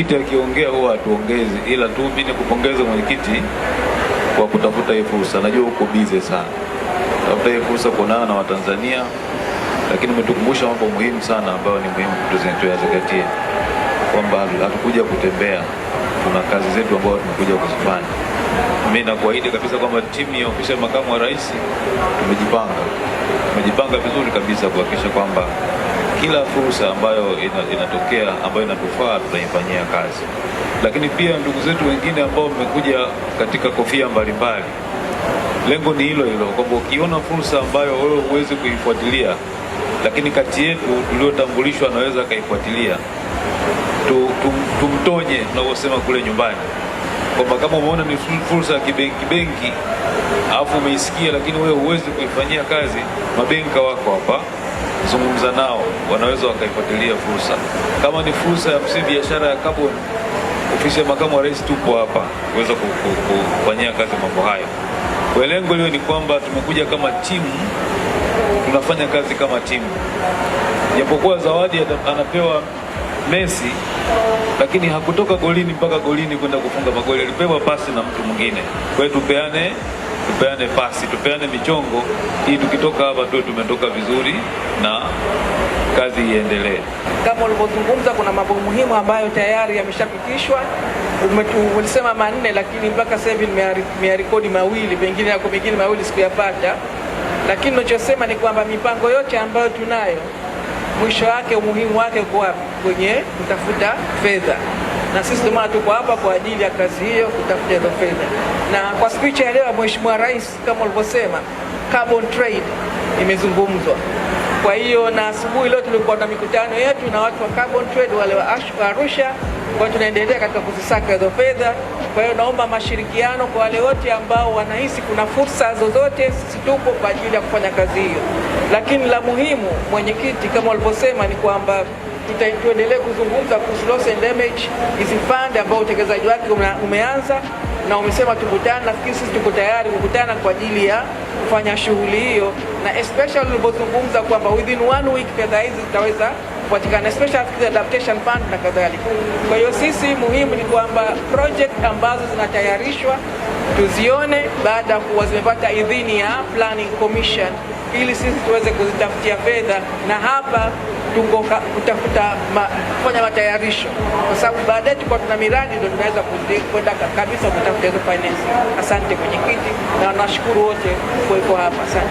mwenyekiti akiongea huwa hatuongezi, ila tu mimi nikupongeze mwenyekiti kwa kutafuta hii fursa. Najua uko bize sana, tafuta hii fursa kuonana na Watanzania, lakini umetukumbusha mambo muhimu sana ambayo ni muhimu tuyazingatie, kwamba hatukuja kutembea, tuna kazi zetu ambazo tumekuja kuzifanya. Mimi nakuahidi kabisa kwamba timu ya ofisi ya makamu wa rais tumejipanga, tumejipanga vizuri kabisa kuhakikisha kwamba kila fursa ambayo inatokea ambayo inatufaa tunaifanyia kazi. Lakini pia ndugu zetu wengine ambao mmekuja katika kofia mbalimbali, lengo ni hilo hilo, kwamba ukiona fursa ambayo wewe huwezi kuifuatilia, lakini kati yetu tuliotambulishwa anaweza akaifuatilia, tumtonye tu, tu tunavyosema kule nyumbani kwamba kama umeona ni fursa ya kibenki benki, alafu umeisikia lakini wewe huwezi kuifanyia kazi, mabenka wako hapa zungumza nao, wanaweza wakaifuatilia fursa. Kama ni fursa ya msingi biashara ya carbon, ofisi ya makamu wa rais tupo hapa kuweza kufanyia kazi mambo hayo. Kwa lengo liwe ni kwamba tumekuja kama timu, tunafanya kazi kama timu. Japokuwa zawadi anapewa Messi, lakini hakutoka golini mpaka golini kwenda kufunga magoli, alipewa pasi na mtu mwingine. Kwa hiyo tupeane tupeane pasi, tupeane michongo, ili tukitoka hapa tuwe tumetoka vizuri na kazi iendelee. Kama ulivyozungumza, kuna mambo muhimu ambayo tayari yameshapitishwa. Ulisema manne, lakini mpaka sasa hivi nimeyarekodi mawili, pengine yako mengine mawili sikuyapata, lakini nachosema ni kwamba mipango yote ambayo tunayo mwisho wake, umuhimu wake uko wapi? Kwenye kutafuta fedha na sisi ndio maana tuko hapa kwa ajili ya kazi hiyo, kutafuta hizo fedha. Na kwa speech ya leo ya Mheshimiwa Rais, kama ulivyosema, carbon trade imezungumzwa. Kwa hiyo na asubuhi leo tulikuwa na mikutano yetu na watu wa carbon trade wale wa Arusha, kwa tunaendelea katika kuzisaka hizo fedha. Kwa hiyo naomba mashirikiano kwa wale wote ambao wanahisi kuna fursa zozote, sisi tupo kwa ajili ya kufanya kazi hiyo. Lakini la muhimu, mwenyekiti, kama walivyosema, ni kwamba tuendelee kuzungumza kuhusu loss and damage, hizi fund ambao utekelezaji wake umeanza na umesema tukutane. Nafikiri sisi tuko tayari kukutana kwa ajili ya kufanya shughuli hiyo, na especially ulipozungumza kwamba within one week fedha hizi zitaweza kupatikana, especially adaptation fund na kadhalika. Kwa hiyo sisi, muhimu ni kwamba project ambazo zinatayarishwa tuzione baada ya kuwa zimepata idhini ya planning commission ili sisi tuweze kuzitafutia fedha, na hapa tuko kutafuta kufanya matayarisho, kwa sababu baadaye tuko tuna miradi ndio tunaweza kwenda kabisa kutafuta hizo finance. Asante mwenyekiti, na nashukuru wote kuwepo hapa, asante.